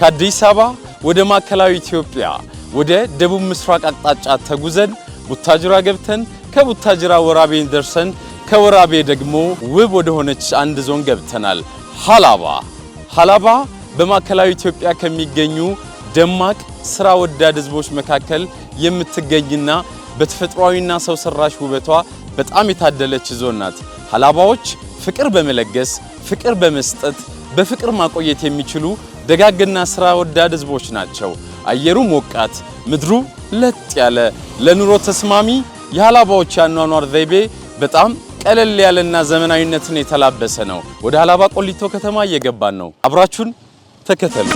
ከአዲስ አበባ ወደ ማዕከላዊ ኢትዮጵያ ወደ ደቡብ ምስራቅ አቅጣጫ ተጉዘን ቡታጅራ ገብተን ከቡታጅራ ወራቤ ደርሰን ከወራቤ ደግሞ ውብ ወደ ሆነች አንድ ዞን ገብተናል። ሀላባ ሀላባ በማዕከላዊ ኢትዮጵያ ከሚገኙ ደማቅ ስራ ወዳድ ህዝቦች መካከል የምትገኝና በተፈጥሯዊና ሰው ሰራሽ ውበቷ በጣም የታደለች ዞን ናት። ሀላባዎች ፍቅር በመለገስ ፍቅር በመስጠት በፍቅር ማቆየት የሚችሉ ደጋግና ስራ ወዳድ ህዝቦች ናቸው። አየሩ ሞቃት፣ ምድሩ ለጥ ያለ፣ ለኑሮ ተስማሚ የሀላባዎች ያኗኗር ዘይቤ በጣም ቀለል ያለና ዘመናዊነትን የተላበሰ ነው። ወደ ሀላባ ቆሊቶ ከተማ እየገባን ነው። አብራችሁን ተከተሉ።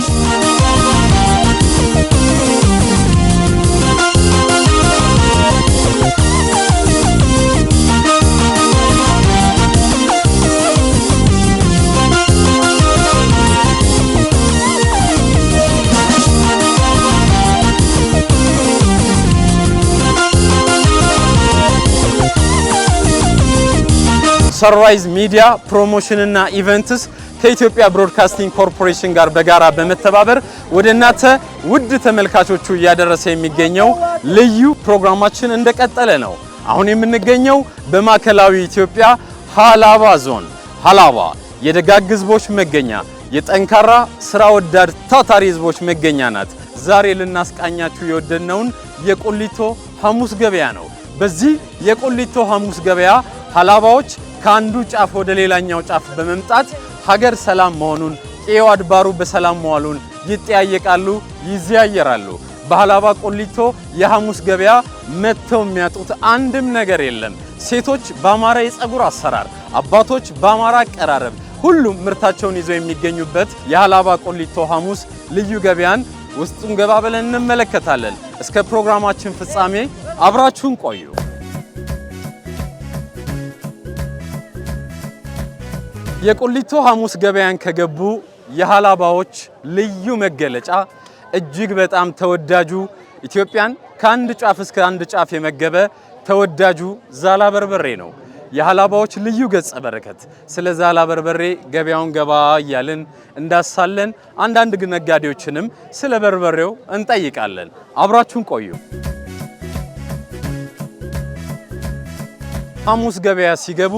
ሰንራይዝ ሚዲያ ፕሮሞሽንና ኢቨንትስ ከኢትዮጵያ ብሮድካስቲንግ ኮርፖሬሽን ጋር በጋራ በመተባበር ወደ እናተ ውድ ተመልካቾቹ እያደረሰ የሚገኘው ልዩ ፕሮግራማችን እንደቀጠለ ነው። አሁን የምንገኘው በማዕከላዊ ኢትዮጵያ ሀላባ ዞን ሀላባ የደጋግ ህዝቦች መገኛ የጠንካራ ስራ ወዳድ ታታሪ ህዝቦች መገኛ ናት። ዛሬ ልናስቃኛችሁ የወደድነውን የቁሊቶ ሐሙስ ገበያ ነው። በዚህ የቁሊቶ ሐሙስ ገበያ ሀላባዎች። ከአንዱ ጫፍ ወደ ሌላኛው ጫፍ በመምጣት ሀገር ሰላም መሆኑን ቄው አድባሩ በሰላም መዋሉን ይጠያየቃሉ፣ ይዘያየራሉ። በሀላባ ቆሊቶ የሐሙስ ገበያ መጥተው የሚያጡት አንድም ነገር የለም። ሴቶች በአማራ የፀጉር አሰራር፣ አባቶች በአማራ አቀራረብ ሁሉም ምርታቸውን ይዘው የሚገኙበት የሀላባ ቆሊቶ ሐሙስ ልዩ ገበያን ውስጡን ገባ ብለን እንመለከታለን። እስከ ፕሮግራማችን ፍጻሜ አብራችሁን ቆዩ። የቁሊቶ ሐሙስ ገበያን ከገቡ የሀላባዎች ልዩ መገለጫ እጅግ በጣም ተወዳጁ ኢትዮጵያን ከአንድ ጫፍ እስከ አንድ ጫፍ የመገበ ተወዳጁ ዛላ በርበሬ ነው። የሀላባዎች ልዩ ገጸ በረከት። ስለ ዛላ በርበሬ ገበያውን ገባ እያልን እንዳሳለን አንዳንድ ነጋዴዎችንም ስለ በርበሬው እንጠይቃለን። አብራችሁን ቆዩ። ሐሙስ ገበያ ሲገቡ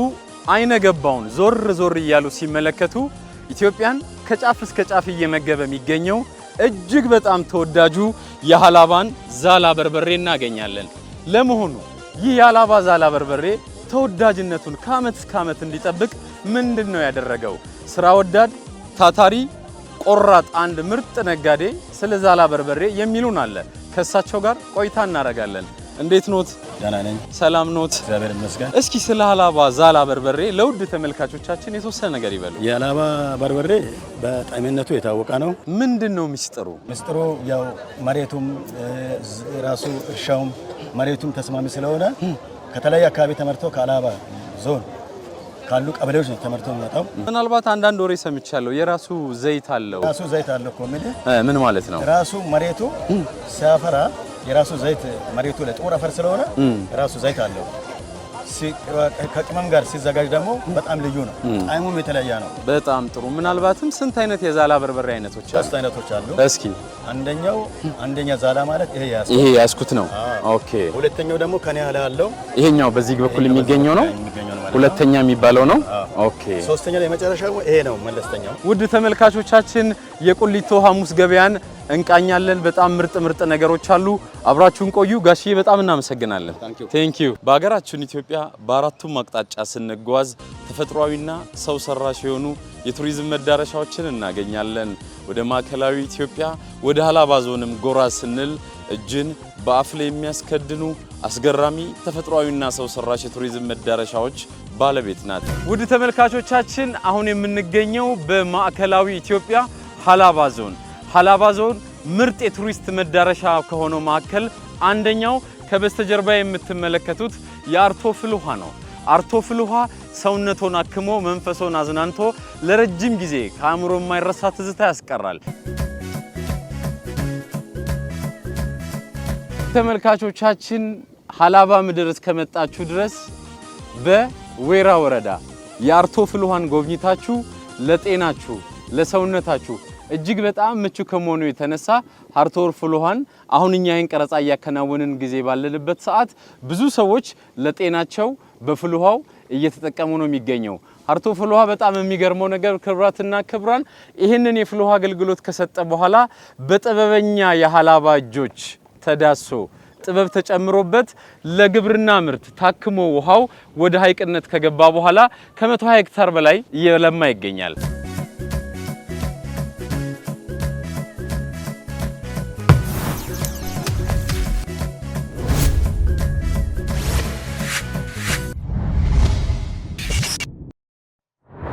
አይነ ገባውን ዞር ዞር እያሉ ሲመለከቱ ኢትዮጵያን ከጫፍ እስከ ጫፍ እየመገበ የሚገኘው እጅግ በጣም ተወዳጁ የሀላባን ዛላ በርበሬ እናገኛለን። ለመሆኑ ይህ የሀላባ ዛላ በርበሬ ተወዳጅነቱን ከዓመት እስከ ዓመት እንዲጠብቅ ምንድን ነው ያደረገው? ስራ ወዳድ፣ ታታሪ፣ ቆራጥ አንድ ምርጥ ነጋዴ ስለ ዛላ በርበሬ የሚሉን አለ። ከእሳቸው ጋር ቆይታ እናደርጋለን። እንዴት ኖት? ደህና ነኝ። ሰላም ኖት? እግዚአብሔር ይመስገን። እስኪ ስለ ሀላባ ዛላ በርበሬ ለውድ ተመልካቾቻችን የተወሰነ ነገር ይበሉ። የሀላባ በርበሬ በጣዕምነቱ የታወቀ ነው። ምንድን ነው ሚስጥሩ? ሚስጥሩ ያው መሬቱም ራሱ እርሻውም መሬቱም ተስማሚ ስለሆነ ከተለያየ አካባቢ ተመርቶ ከሀላባ ዞን ካሉ ቀበሌዎች ነው ተመርቶ የሚመጣው። ምናልባት አንዳንድ ወሬ ሰምቻለሁ፣ የራሱ ዘይት አለው። ራሱ ዘይት አለው እኮ ምን ማለት ነው? ራሱ መሬቱ ሲያፈራ የራሱ ዘይት መሬቱ ለጥቁር አፈር ስለሆነ የራሱ ዘይት አለው። ከቅመም ጋር ሲዘጋጅ ደግሞ በጣም ልዩ ነው። ጣዕሙም የተለያየ ነው። በጣም ጥሩ። ምናልባትም ስንት አይነት የዛላ በርበሬ አይነቶች አሉ? ሶስት አይነቶች አሉ። እስኪ አንደኛው አንደኛ ዛላ ማለት ይሄ ያስኩት ይሄ ያስኩት ነው። ኦኬ። ሁለተኛው ደግሞ ከኔ ያለ ያለው ይሄኛው በዚህ በኩል የሚገኘው ነው። ሁለተኛ የሚባለው ነው። ኦኬ ሶስተኛ ላይ ይሄ ነው መለስተኛው። ውድ ተመልካቾቻችን የቁሊቶ ሐሙስ ገበያን እንቃኛለን። በጣም ምርጥ ምርጥ ነገሮች አሉ። አብራችሁን ቆዩ። ጋሽዬ በጣም እናመሰግናለን። ቴንክ ዩ። በሀገራችን ኢትዮጵያ በአራቱም አቅጣጫ ስንጓዝ ተፈጥሯዊና ሰው ሰራሽ የሆኑ የቱሪዝም መዳረሻዎችን እናገኛለን። ወደ ማዕከላዊ ኢትዮጵያ ወደ ሀላባ ዞንም ጎራ ስንል እጅን በአፍ ላይ የሚያስከድኑ አስገራሚ ተፈጥሯዊና ሰው ሰራሽ የቱሪዝም መዳረሻዎች ባለቤት ናት። ውድ ተመልካቾቻችን አሁን የምንገኘው በማዕከላዊ ኢትዮጵያ ሀላባ ዞን ሀላባ ዞን ምርጥ የቱሪስት መዳረሻ ከሆነው መካከል አንደኛው ከበስተጀርባ የምትመለከቱት የአርቶፍል ውሃ ነው። አርቶፍል ውሃ ሰውነቶን አክሞ መንፈሶን አዝናንቶ ለረጅም ጊዜ ከአእምሮ የማይረሳ ትዝታ ያስቀራል። ተመልካቾቻችን ሀላባ ምድር እስከመጣችሁ ድረስ በ ወይራ ወረዳ የአርቶ ፍልውሃን ጎብኝታችሁ ለጤናችሁ ለሰውነታችሁ እጅግ በጣም ምቹ ከመሆኑ የተነሳ ሀርቶር ፍልውሃን አሁን እኛ ይህን ቀረጻ እያከናወንን ጊዜ ባለንበት ሰዓት ብዙ ሰዎች ለጤናቸው በፍልውሃው እየተጠቀሙ ነው የሚገኘው። ሀርቶ ፍልውሃ በጣም የሚገርመው ነገር ክብራትና ክብራን ይህንን የፍልውሃ አገልግሎት ከሰጠ በኋላ በጥበበኛ የሀላባ እጆች ተዳሶ ጥበብ ተጨምሮበት ለግብርና ምርት ታክሞ ውሃው ወደ ሀይቅነት ከገባ በኋላ ከ 120 ሄክታር በላይ እየለማ ይገኛል።